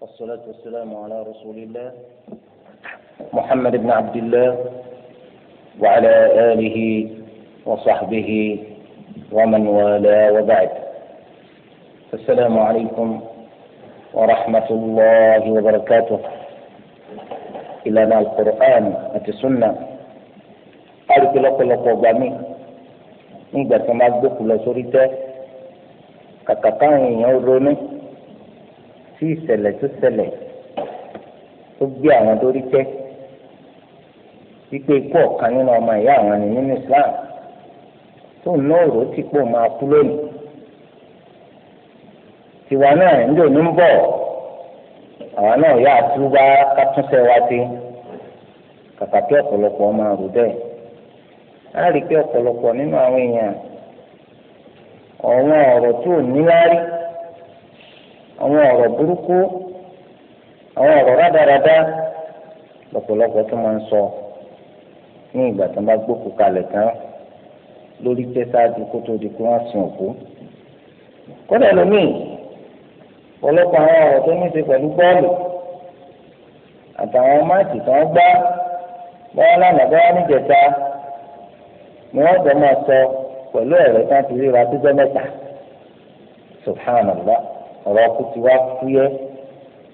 والصلاة والسلام على رسول الله محمد بن عبد الله وعلى آله وصحبه ومن والاه وبعد السلام عليكم ورحمة الله وبركاته إلى ما القرآن السنة أرك لقل قوامي نقدر كما أقول لسوريته kàkà káwọn èèyàn ronú sí ìṣẹ̀lẹ̀ tó ṣẹlẹ̀ tó gbé àwọn tó rí tẹ́ wípé ikú ọ̀kan nínú ọmọ ìyá àwọn ni nínú Islam tó ná òró tí pò máa kú lónìí tiwa náà ń dò ní ń bọ̀ àwọn náà yà á túbá kátúnṣe wa ti kàkà kí ọ̀pọ̀lọpọ̀ máa rò bẹ́ẹ̀ á rí pé ọ̀pọ̀lọpọ̀ nínú àwọn èèyàn ọ̀wọ́n ọ̀rọ̀ tó níláárí àwọn ọ̀rọ̀ burúkú àwọn ọ̀rọ̀ rádaràda lọ́pọ̀lọpọ̀ tó máa ń sọ ní ìgbà tó bá gbókù kalẹ̀ tán lórí tẹ́ sáájú kó tó di pé wọ́n sin òkú. kódà lómìn ọ̀pọ̀lọpọ̀ àwọn ọ̀rọ̀ tó ní í ṣe pẹ̀lú bọ́ọ̀lù àtàwọn máàkì tó ń gbá bọ́ọ̀ lánàá bọ́ọ̀ níjẹta ni wọ́n jọ máa sọ pẹ̀lú ẹ̀rọ tí wọ́n ti ríra tó mẹ́ta subhanallah. ọ̀rọ̀ kú ti wá fúyẹ́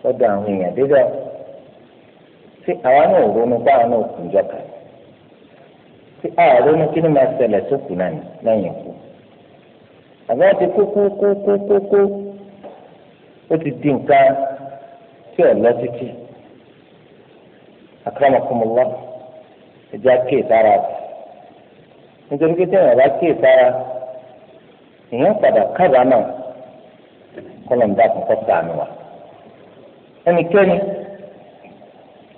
lọ́dọ̀ àwọn èèyàn dídọ̀ tí àwa náà ronú bá àwọn náà kù jọ kàn tí àwa ronú kí ni máa ṣẹlẹ̀ tó kù náà lẹ́yìn àbí wọ́n ti kú kú kú kú kú kú ó ti di nǹkan tí ò lọ títí nítorí pé tí èèyàn bá èèyàn padà kábàámọ̀. kọlọm dà kọkọ sànù wa ẹnikẹ́ni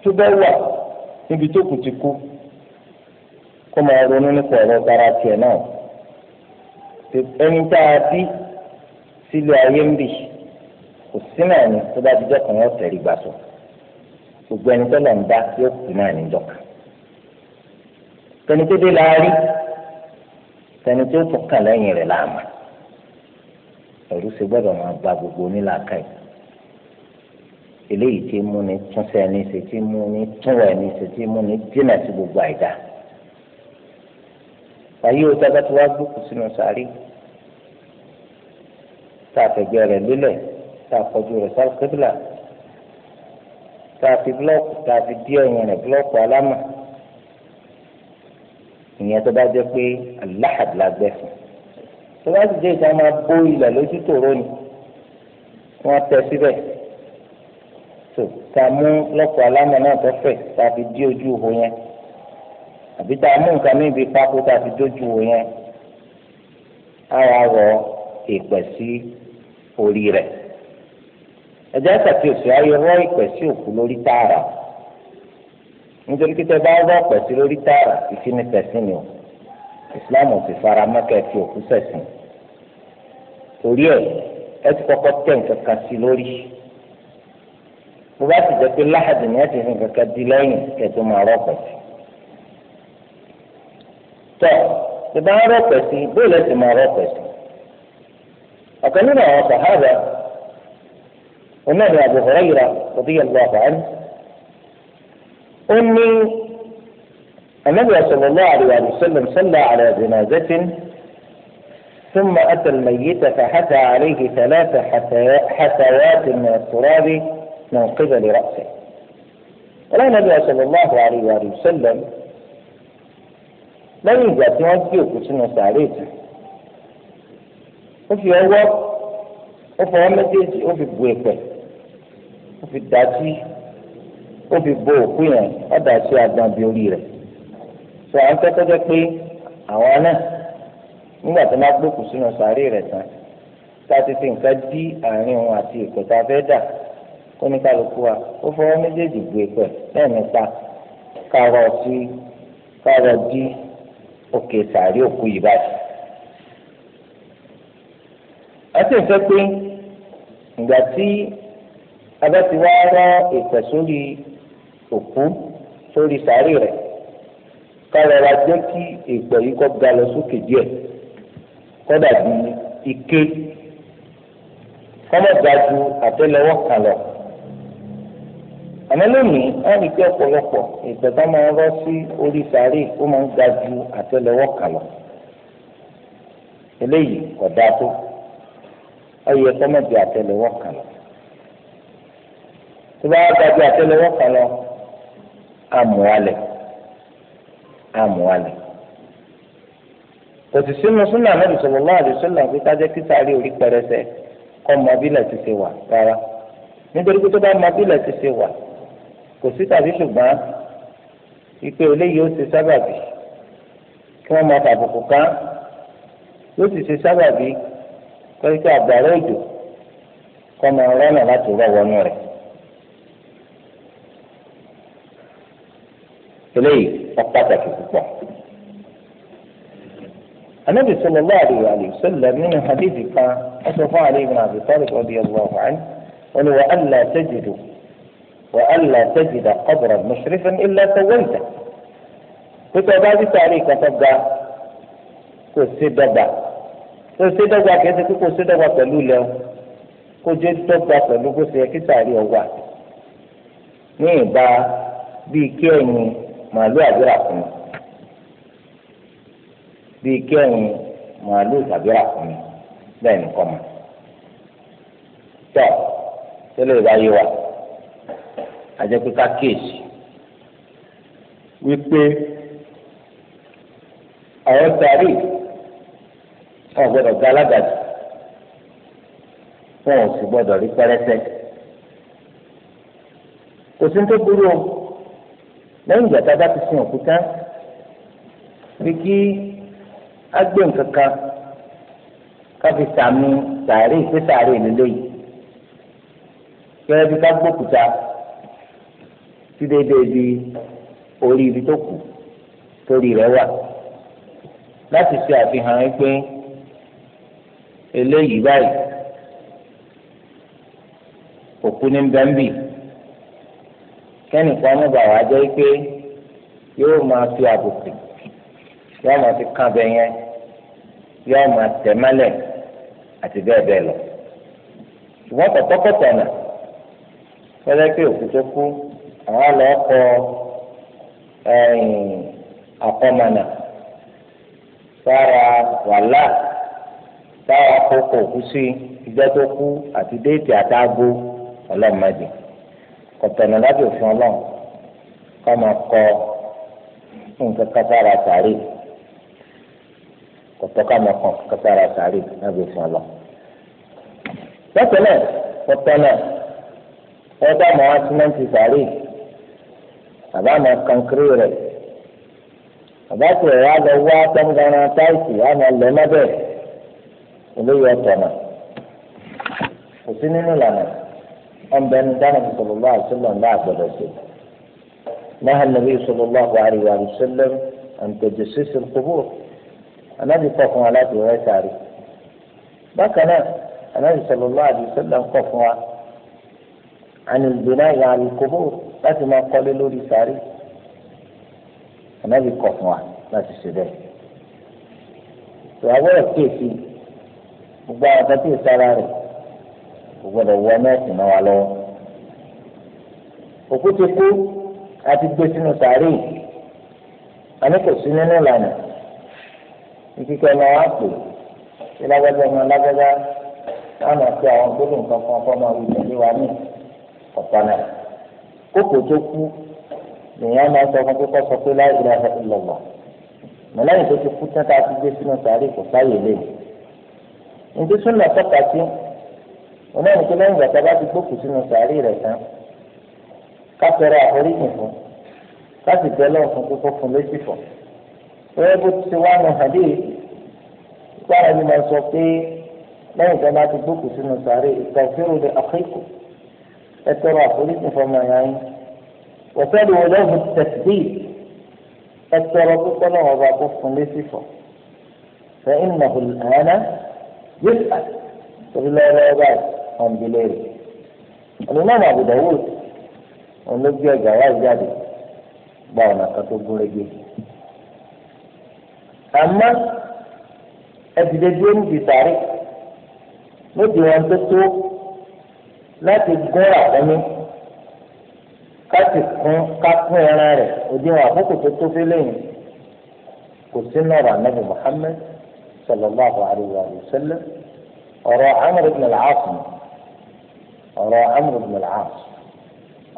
tó bá wà níbi tó kù ti kú kó máa ronú nípa ọ̀rọ̀ tara tiẹ̀ náà ẹni tá a bí sílé ayé ń bì kò sí náà ni tó bá dijọ́ kan yóò tẹ̀lé gbà sọ gbogbo ẹni tó lọ ń bá yóò kú náà ní dọ́kà tẹni tó dé la rí tẹni tó tún kàn lẹ́yìn rẹ̀ láàmú ẹ̀rù ṣe gbọ́dọ̀ máa gba gbogbo onílàákà yìí eléyìí tí mú ni túnṣe ní ṣe tí mú ni túnwẹ̀ ní ṣe tí mú ni dínà sí gbogbo àìdá ayé o tábà tí wàá gbókù sínú sàárì tá a fẹ̀gbẹ́ rẹ̀ lélẹ̀ tá a kọjú rẹ̀ sáré kébìlà tá a fi búlọ́ọ̀kù tá a fi dí ẹ̀yìn rẹ̀ búlọ́ọ̀kù alámà ìyẹn tó bá jẹ́ pé aláhàdìlágbẹ́sìn tó bá sì jẹ́ ìta máa bó ilẹ̀ lójú tòró ni wọ́n tẹ síbẹ̀ tó ta mú lọ́pọ̀ alámọ̀ náà tó fẹ̀ ta fi dí ojú ihò yẹn àbí ta mú nǹkan ní ibi pákó ta fi dójú ihò yẹn á wà wọ ìpẹ̀ sí orí rẹ̀ ẹ̀jẹ̀ ṣàkíyèsí ayé rọ́ ìpẹ̀ sí òkú lórí tààrà nítorí pé tẹ bá rọ́ ìpẹ̀ sí lórí tààrà ìfínisẹ̀sìn ni o. islam ò sì fara mọ́kẹ́ fi òkú sẹ̀sìn torí ẹ̀ ẹ ti kọ́kọ́ tẹ̀ nǹkan kan sí lórí bó bá ti jẹ́ pé láhàdì ni ẹ ti fi nǹkan kan di lẹ́yìn kẹtó máa rọ́pẹ̀ sí tọ́ tó bá rọ́pẹ̀ sí bóòlù ẹ ti máa rọ́pẹ̀ sí ọ̀kan nínú àwọn sàhábà onáàdì Abu yẹn lọ àbáyé ó ní. النبي صلى الله عليه وسلم صلى على جنازة ثم أتى الميت فحتى عليه ثلاث حثوات من التراب من قبل رأسه قال النبي صلى الله عليه وسلم لا يوجد ما يجيك سنة سعريتا وفي أول وفي أمدج وفي بويته وفي الداتي وفي بوكوين وداتي أبنى بيوليرك sọ à ń tẹ́tẹ́ jẹ́ pé àwọn náà nígbà tó máa gbókùn sínú sàárè rẹ̀ tán tá a ti fi nǹkan dí àárín òun àti èkó tá a fẹ́ dà kó ní kálukú wa ó fọwọ́ méjèèjì gbé e pẹ̀ lẹ́ẹ̀mẹ́ta kárọ̀ sí kárọ̀ dí òkè sàárè òkú yìí báyìí. a sì ń pé ìgbà tí abẹ́ rán ìpẹ̀ sórí òkú sórí sàárè rẹ̀ kárọra jẹ́ kí èèpẹ̀ yìí kó ga lọ sókè díẹ̀ kó dàbí ike kọ́mọ̀ ga ju àtẹ́lẹwọ́ kan lọ. àmọ́ lónìí wọ́n rí pé ọ̀pọ̀lọpọ̀ èèpẹ̀ tó máa ń rọ́ sí orí sàárè ó máa ń ga ju àtẹ́lẹwọ́ kan lọ. eléyìí kò dáa tó ọyẹ kọ́mọ̀ ju àtẹ́lẹwọ́ kan lọ. tó bá wá ga ju àtẹ́lẹwọ́ kan lọ àmúhalẹ̀ àmúwalẹ̀ kò sì sínú súnà Ànábì sallallahu alaihi wasallam pé kájẹ́ kí sáré orí pẹrẹsẹ kọ́ mọ bílẹ̀ ti ṣe wà rárá nítorí pé tó bá mọ bílẹ̀ ti ṣe wà kò sí tàbí ṣùgbọ́n ìpè eléyìí ó ṣe sábàbí kí wọ́n máa tàbùkù ká yóò sì ṣe sábàbí pé kí àgbàrá òjò kọ́ máa rọ́nà láti rọ̀ wọnú rẹ̀. eléyìí ọ̀pàtàkì púpọ̀. النبي صلى الله عليه وآله وسلم من حديث كان أشرف علي بن أبي طالب رضي الله عنه قال وألا تجد وألا تجد قبرا مشرفا إلا سويته كنت أبادي تعليق تبقى كنت سيدبا كنت سيدبا كنت كنت سيدبا تلولا كنت سيدبا تلولا كنت سيدبا تلولا ní ìbá bíi kí ẹ̀yin màálù àdúrà fún mi bíi kẹ́hìn màálù tàbíra fún mi bẹ́ẹ̀ ni kọ́ ma tọ́ tẹ́lẹ̀ ìbá yé wa àjẹpé ká kéèsì wípé àwọn tàrí wọn gbọ́dọ̀ gba alágàjì wọn ò sì gbọ́dọ̀ rí pẹrẹsẹ kò sí ní tó burú o lẹ́yìn ìgbà tá a bá ti sin òkú tán bí kí á gbé nǹkan kan ká fi sàmì sàárè pé sàárè nílé yìí kẹ́rẹ́ bí ká gbókùtà sí déédéé bí orí ibi tó kù torí rẹ̀ wà láti ṣe àfihàn yín pé eléyìí báyìí òkú ní bẹ́ńbì kẹ́nìkan ọmọ bàwá jẹ́ pé yóò máa fi àbùkù yóò máa fi kàn bẹ́ẹ̀ yẹn yóò máa tẹ̀ mọ́lẹ̀ àti bẹ́ẹ̀ bẹ́ẹ̀ lọ. ṣùgbọ́n kọ̀tọ́kọ̀tọ̀ nà fẹ́lẹ́ pé òkú tó kú àwọn lọ kọ àkọ́mọ̀nà sára wàhálà sára kókó òkú sí ìgbẹ́ tó kú àti déètì àtàgó ọlọ́mọdé kọ̀tọ̀nà lábẹ́ òfin ọlọ́run ká máa kọ nǹkan kására sàárè kọ̀tọ̀ ká máa kọ kására sàárè lábẹ́ òfin ọlọ́run. lọ́sọ̀lẹ̀ kọ̀tọ̀nà ọ̀dà máa símẹ́ǹtì sàárè àbá máa kankiri rẹ̀ àbá tó ẹ̀ wá wá tọ́ngàrà táìsì á máa lẹ́ mọ́bẹ̀ olóyè ọ̀tọ̀nà kò sí nínú ìlànà. أن النبي صلى الله عليه وسلم لا أقبل نهى النبي صلى الله عليه وسلم أن تجسس القبور أنا دي قفوا على ولا تعرف بكنا دي صلى الله عليه وسلم قفوا عن البناء على القبور لكن ما قال له ساري أنا دي قفوا لا تشتري فأولا كيفي وبعد كثير سراري kò gbọdọ̀ wọ nọ́ọ̀sì náà wà lọ́wọ́ òkú ti kú àti gbé sínú sàárè àní kò sí nínú ìlànà ìkíkẹ́ ọmọ wa pè é lágbájá ọmọ lágbájá láwọn àti àwọn gbólóhùn kankan fọmọ àwọn ìtẹ̀lé wa ní ọ̀pá náà kókò tó kú lèèyàn máa ń sọ fún kíkọ́ sọ pé la ilaha illallah mọ̀lẹ́yìn tó ti kú tán tá a ti gbé sínú sàárè kò sáyè lé ní tí súnà tọ́ka sí wọn náà ní pé lẹ́yìn ìgbà tá a bá ti gbókùn sínú sàárì rẹ̀ tán ká tọrọ àforíjì fún ká sì bẹ́ lọ́wọ́ fún kókó fún létí fún. wọ́n bó ti wá nu hàdí ìpára ni mo sọ pé lẹ́yìn tá a bá ti gbókùn sínú sàárì ìtàkùrù lè àkókò ẹ tọrọ àforíjì fún ọmọ ìyá yín. wọ́sẹ̀lú wọn lọ́hùn tẹ̀sídì ẹ tọrọ náà wọ́n bá fún létí fún. fẹ́ ìnáwó àná yóò wọn bí léèrè Imam Abu Dawud wọn ló gbé ẹgbàá wá jáde gba ọ̀nà kan tó gún régé àmọ́ ẹ̀dìdẹ́ dúró níbi sàárè lóde wọn tó tó láti gún àkọ́mí káti kún kákún ẹran rẹ̀ òdiwọ̀n àkókò tó tó fi lẹ́yìn kò sí nọ̀rọ̀ ànábì Muhammad sallallahu alayhi wa sallam ọ̀rọ̀ Amr ibn al ọ̀rọ̀ amúlò bìnnà àm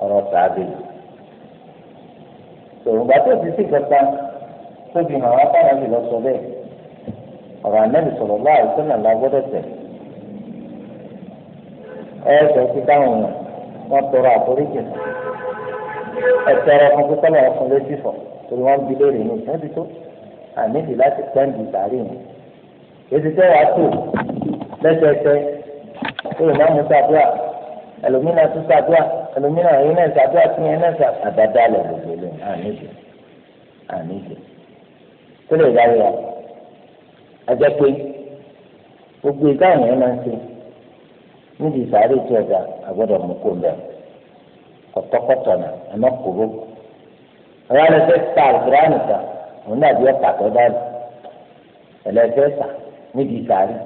ọ̀rọ̀ sàbẹ̀ tòǹgbà tó ti sí kẹta tó fi hàn wá fáwọn àbí lọ sọ bẹ́ẹ̀ ọ̀rọ̀ anẹ́bí sọ̀rọ̀ bá àìsàn náà la gbọ́dọ̀ tẹ̀ ẹ sọ sí táwọn wọn tọrọ àforíjì ẹ tọrọ fún pípẹ́ náà fún létí fọ̀ torí wọ́n bi léèrè ní ìtẹ́bi tó àníbi láti pẹ́ǹdì ìtàrí yẹn èsì tẹ́ wàá tò lẹ́sẹẹsẹ tó lè má mú sábúrà ẹlòmínà tún ṣàdúrà ẹlòmínà ẹ̀yin náà ṣàdúrà tún yẹn náà ṣàdúrà àdáadáa lẹ̀ gbogbo lẹ̀ àníjẹ àníjẹ tó lè dáyé wa ajẹ́ pé gbogbo ìdáhùn yẹn máa ń ṣe níbi ìsàárè tí ọ̀gá àgbọ̀dọ̀ mú kó lẹ̀ kọ̀tọ́kọ̀tọ̀ náà ẹ̀mọ́ kúrò ọ̀rọ̀ alẹ́ fẹ́ ta àgbẹ̀rẹ̀ ànìkan òun náà bí ọ̀pá tó dáàbò ẹ̀lẹ́fẹ́ ta níbi ìsàárè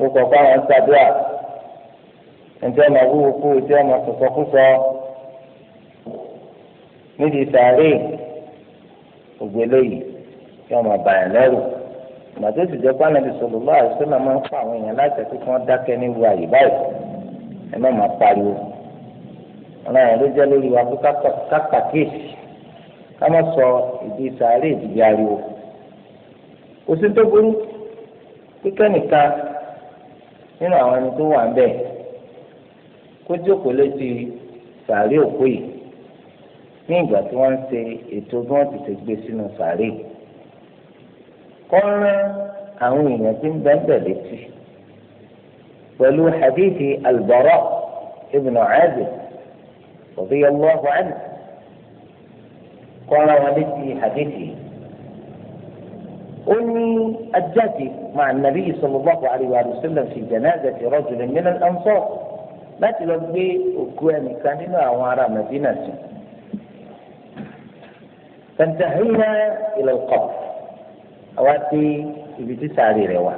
mo kọ̀ fún àwọn ṣàdúrà ǹjẹ́ ọmọ wúwo kú ǹjẹ́ ọmọ sọ̀sọ́kúsọ nídìí sàárè ògbélé yìí kí ọmọ bàyàn lẹ́rù màtó sì jẹ́ pánàbí sọlọ́lá àìsílẹ̀ máa ń fa àwọn èèyàn láti ẹ̀kọ́ kí wọ́n dákẹ́ nílùú àyè báyìí ẹ má máa pariwo ọlọ́run ló jẹ́ lórí wa fún kápákéèsì ká má sọ ìdí sàárè ìdíje ariwo kò sí tó burú kíkẹ́ nìkan nínú àwọn ẹni tó wà níbẹ̀ kó jókòó létí sàárè òkú yìí ní ìgbà tí wọ́n ń ṣe ètò bí wọ́n ti ṣe gbé sínú sàárè kọ́ rán àwọn èèyàn tí ń bẹ́ẹ̀ létí pẹ̀lú hadithi albara ibn azib radiyallahu anhu kọ́ rán wọn létí hadithi yìí ó ní ajáde màá nàbí sallallahu alaihi wa sallam fi janazati rajulin min al-ansar láti lọ gbé òkú ẹnìkan nínú àwọn ará Madina sí. fantahina ila al-qabr àwa ti ibi tí sáré rẹ̀ wà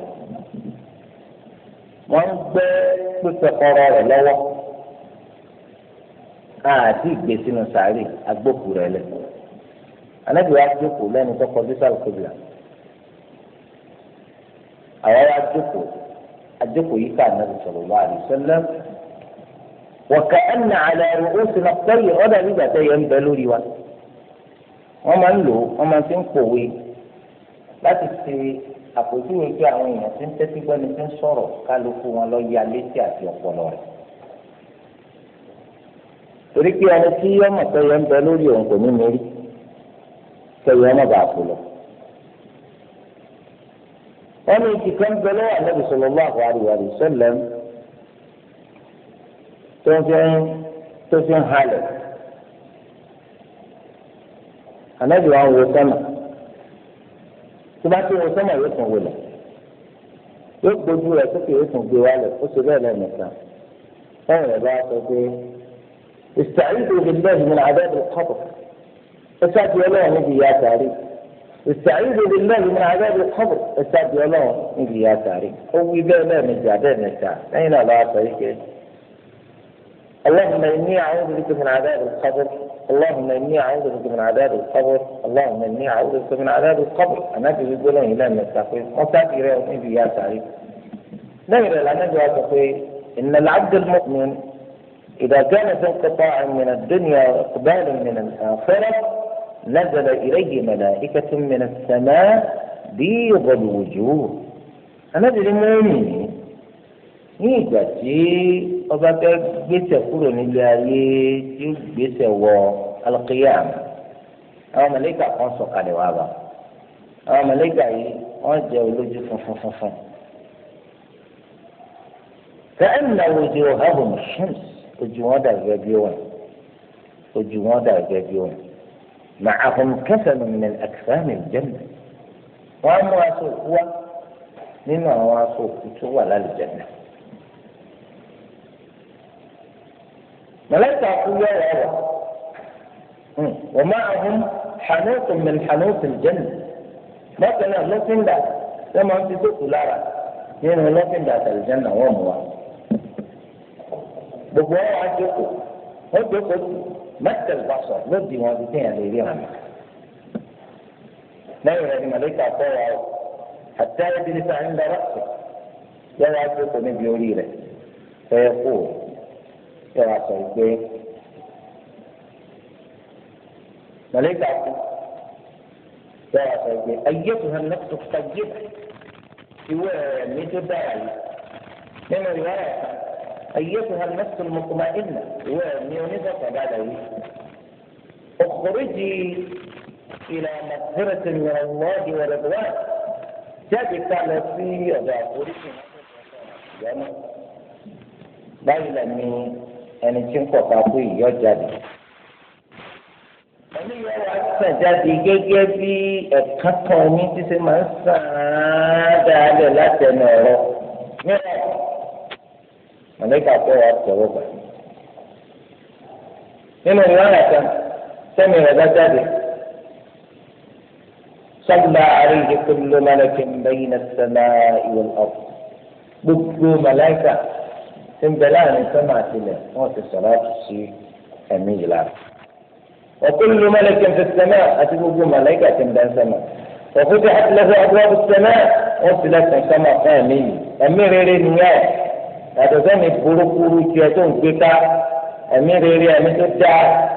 wọ́n gbẹ́ pípẹ́ kọ́rọ́ rẹ̀ lọ́wọ́ àti ìgbésínú sáré agbókù rẹ̀ lẹ̀ anábìwá jókòó lẹ́nu tó kọjú sálùkùbìlà àwọn adókò adókò yìí ká nàbì sallallahu alaihi wasallam wa ka'anna ala ru'usina at-tayr ọ̀dà nígbà tó yẹ ń bẹ lórí wa wọ́n máa ń lò wọ́n máa ti ń pòwe láti ṣe àpèjúwe pé àwọn èèyàn ti ń tẹ́tí gbọ́ni ti ń sọ̀rọ̀ kálukú wọn lọ ya létí àti ọpọlọ rẹ̀ torí pé ẹni tí ọmọ tó yẹ ń bẹ lórí òun kò ní mérí kẹyọ ọmọ bàá kú lọ ẹni ìkìkẹ́ ń bẹ̀lẹ́ ànábì sallallahu alaihi wasallam tó fi ń tó fi ń halẹ̀ ànábì wa ń wo sọ́nà tó bá ti wo sọ́nà yóò tún wọlé yóò gbójú rẹ̀ sókè yóò tún gbé wálẹ̀ ó ṣe bẹ́ẹ̀ lẹ́ẹ̀mẹ́ta táwọn rẹ̀ bá sọ pé ìsàlùdò ìdílé ìdílé àdáàbò kọ́pọ̀ ó ṣáàtì ọlọ́run níbi ìyá àtàrí. استعيذوا بالله من عذاب القبر استعد الله نجي يا تاريخ هو إذا لا نجا لا نجا أين لا طريق اللهم إني أعوذ بك من عذاب القبر اللهم إني أعوذ بك من عذاب القبر اللهم إني أعوذ بك من عذاب القبر أنا في يقول إلى المستقبل مستقبل نجي يا تاريخ نجي لا نجي إن العبد المؤمن إذا كان في انقطاع من الدنيا وإقبال من الآخرة نزل إليه ملائكة من السماء بيض الوجوه النبي المؤمن nígbà tí ọba fẹ́ gbèsè kúrò nílé ayé tí ó gbèsè wọ alqiyam àwọn mẹlẹka kan sọ̀kalẹ̀ wá bá àwọn mẹlẹka yìí wọ́n jẹ́ olójú funfun funfun kẹ́hìnà ojú ọ̀hábùn ṣùms ojú wọn dà gẹ́gẹ́ bí wọn ojú wọn dà gẹ́gẹ́ bí wọn. معهم كسل من الأكفان الجنة وهم هو مما واسوء ولا الجنة ملائكة أقوياء هذا ومعهم حنوط من حنوط الجنة مثلا لكن لا لما أنت تقول لا nínú lọ́kìndà àtàlùjánà wọ́n mú wa gbogbo wọn مد البصر lódì wọn ti tẹ̀yàn lè rí wọn. lẹ́yìn rẹ̀ ni màlẹ́kà kọ́ wa o àti ayé bíi nípa ń darọ́ sí yẹ́n wá jókòó níbi orí rẹ̀ fẹ́ kó o yẹ́n wá sọ pé màlẹ́kà kú yẹ́n wá sọ pé ayé tó hàn lọ́kùtù fagé ìwé rẹ̀ mi tó dára yìí nínú ìwé rẹ̀ kan. أيتها النفس المطمئنة وميونسة بعد إيه؟ اخرجي إلى مغفرة من الله ورضوان jáde ká lọ sí ọ̀dọ̀ àforíjì ìyáná báyìí lẹ́ni ẹni tí ń pọ̀ kápú ìyọ́ jáde. ẹni yẹn wá sàn jáde gẹ́gẹ́ bí ẹ̀ka kan ní títí máa ń sàn án dáadẹ́ láti ẹnu ọ̀rọ̀. màlẹ́kà tó wà tẹ̀wọ́ gbà. nínú ìwáyà kan sẹ́mi rẹ̀ bá jáde sọ́gbà àríyé tó ló mẹ́lẹ́kì mbẹ́yìn náà sẹ́lá ìwọ̀n ọ̀f gbogbo malaika ti sọ̀rọ̀ àtúnṣe ẹ̀mí yìí lára. وكل ملك في السماء أتبوب ملائكة بين سماء وفتحت له أبواب السماء وصلت سماء آمين أمير الناس yàtọ̀ sẹ́mi burúkú tí ẹ tó ń gbé ká ẹ̀mí rere ẹ̀mí tó dá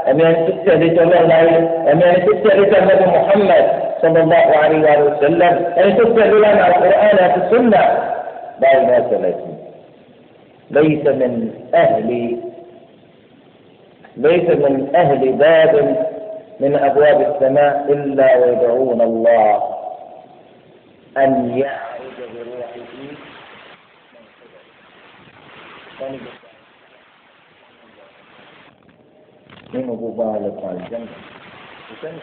ẹ̀mí ẹni tó tẹ̀lé tó lọ́láyé ẹ̀mí ẹni tó tẹ̀lé tó lọ́dún Muhammad sallallahu alaihi wa sẹlẹ̀ ẹni tó tẹ̀lé lánàá Al-Qur'an àti sunna báyìí náà sọ̀rọ̀ sí lẹ́yìn sẹ́mi ẹ̀hìnlẹ́ lẹ́yìn من ẹ̀hìnlẹ́ باب من أبواب السماء إلا ويدعون الله أن يعرج بروح nínú gbogbo àlọ́ kan àìjẹun kò sẹ́ni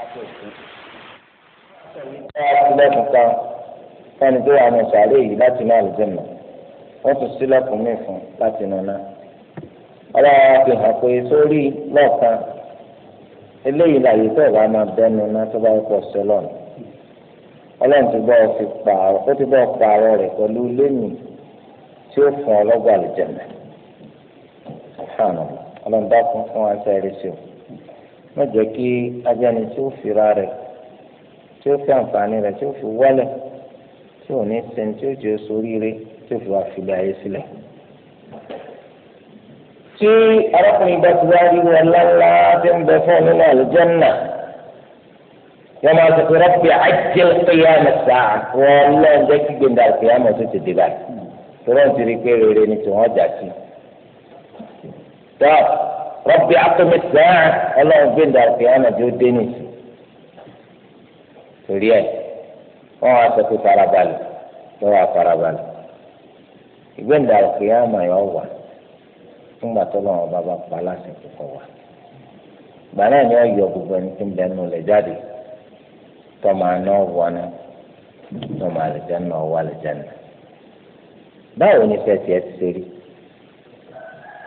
àtòkù fẹ́ni tó wà ní sàárè yìí láti náà lè jẹ̀mọ̀ wọ́n tún sílẹ̀kùn mí fún láti nàná. ọlọ́wọ́ fi hàn pé sórí lọ́ọ̀kan eléyìí tó máa bẹ́nu náà tó fi pààrọ̀ ó ti pààrọ̀ rẹ̀ pẹ̀lú tí ọ má jẹ́ kí ajani tí ó fira rẹ̀ tí ó fi àǹfààní rẹ̀ tí ó fi wálẹ̀ tí ò ní sẹ́ni tí ó jẹ́ sóríire tí ó fi wá filẹ̀ ayé sílẹ̀. tí arákùnrin bá ti wá rí wọn lálá tí ń bẹ fún nínú àlùjànnà yẹn máa sọ pé rọ́pì àjẹ́ qiyamah wọn lọ́ọ́ jẹ́ kí gbẹ̀ndà qiyamah tó ti dé báyìí. tó ti rí pé rere ni tí wọ́n jà sí rọ́bì akọ́mẹ́sẹ̀ ọlọ́run gbẹ̀dà kìhánà tó dé nìyí torí ẹ̀ wọ́n wá sọ pé farabalẹ̀ lọ́wọ́ afarabalẹ̀ ìgbẹ̀dà kìhánà yọ wà fúngbà tó lọ́wọ́ bàbá pa láti kọ́kọ́ wà gbà náà ni wọ́n yọ gbogbo ẹni tó ń bẹ nù lẹ̀ jáde tọ́mọ aná wọnà tọ́mọ àlìjáná ọwọ́ àlìjáná báwo ni fẹ́ẹ́ tiẹ̀ ti ṣe rí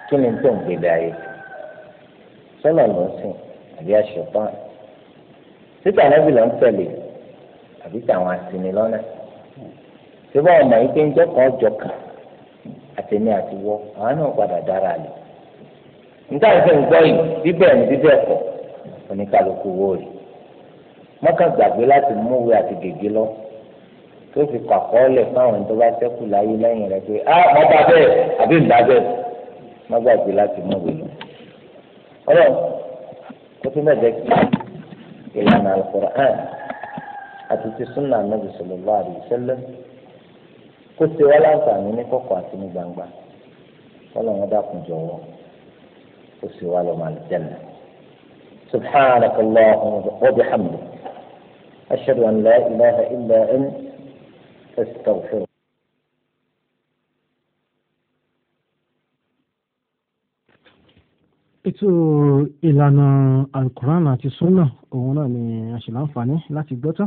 kí ni tó ń gbé dá yìí sọ́nà ló ń sìn àbí àṣepọ́n títà nábì ló ń tẹ̀lé àbí tàwọn àsìní lọ́nà síbẹ̀ ọmọ yìí pé ń jọ́kọ̀ ọjọ́kà àtẹ̀mí àtiwọ́ àwọn náà padà dára lè níta ìfẹ́ ń gbọ́ yìí bíbẹ̀ ń bíbẹ̀ kọ̀ oníkàlùkù wò rè mọ́kà gbàgbé láti múwe àti gègé lọ tó fi kọ àkọọ́lẹ̀ fáwọn tó bá ṣẹ́kù láyé lẹ́yìn rẹ̀ pé ah mọ́ bá bẹ́ẹ̀ àbí ń bá bẹ́ẹ̀ mọ́ gbàgbé láti múwe lọ ọlọ́run kó tún bẹ́ẹ̀ jẹ́ kí ìlànà alukur'an àti ti sunna anabi sallallahu alaihi wasallam kó ṣe wá láǹfààní ní kọ̀kọ̀ àti ní gbangba ọlọ́run dákun jọ̀wọ́ kó ṣe wá lọ́mọ àlùjẹ́nà سبحانك اللهم وبحمدك أشهد أن لا إله إلا أنت أستغفرك ètò ìlànà alukoran àti sunna òun náà ni a ṣe láǹfààní láti gbọ́ tán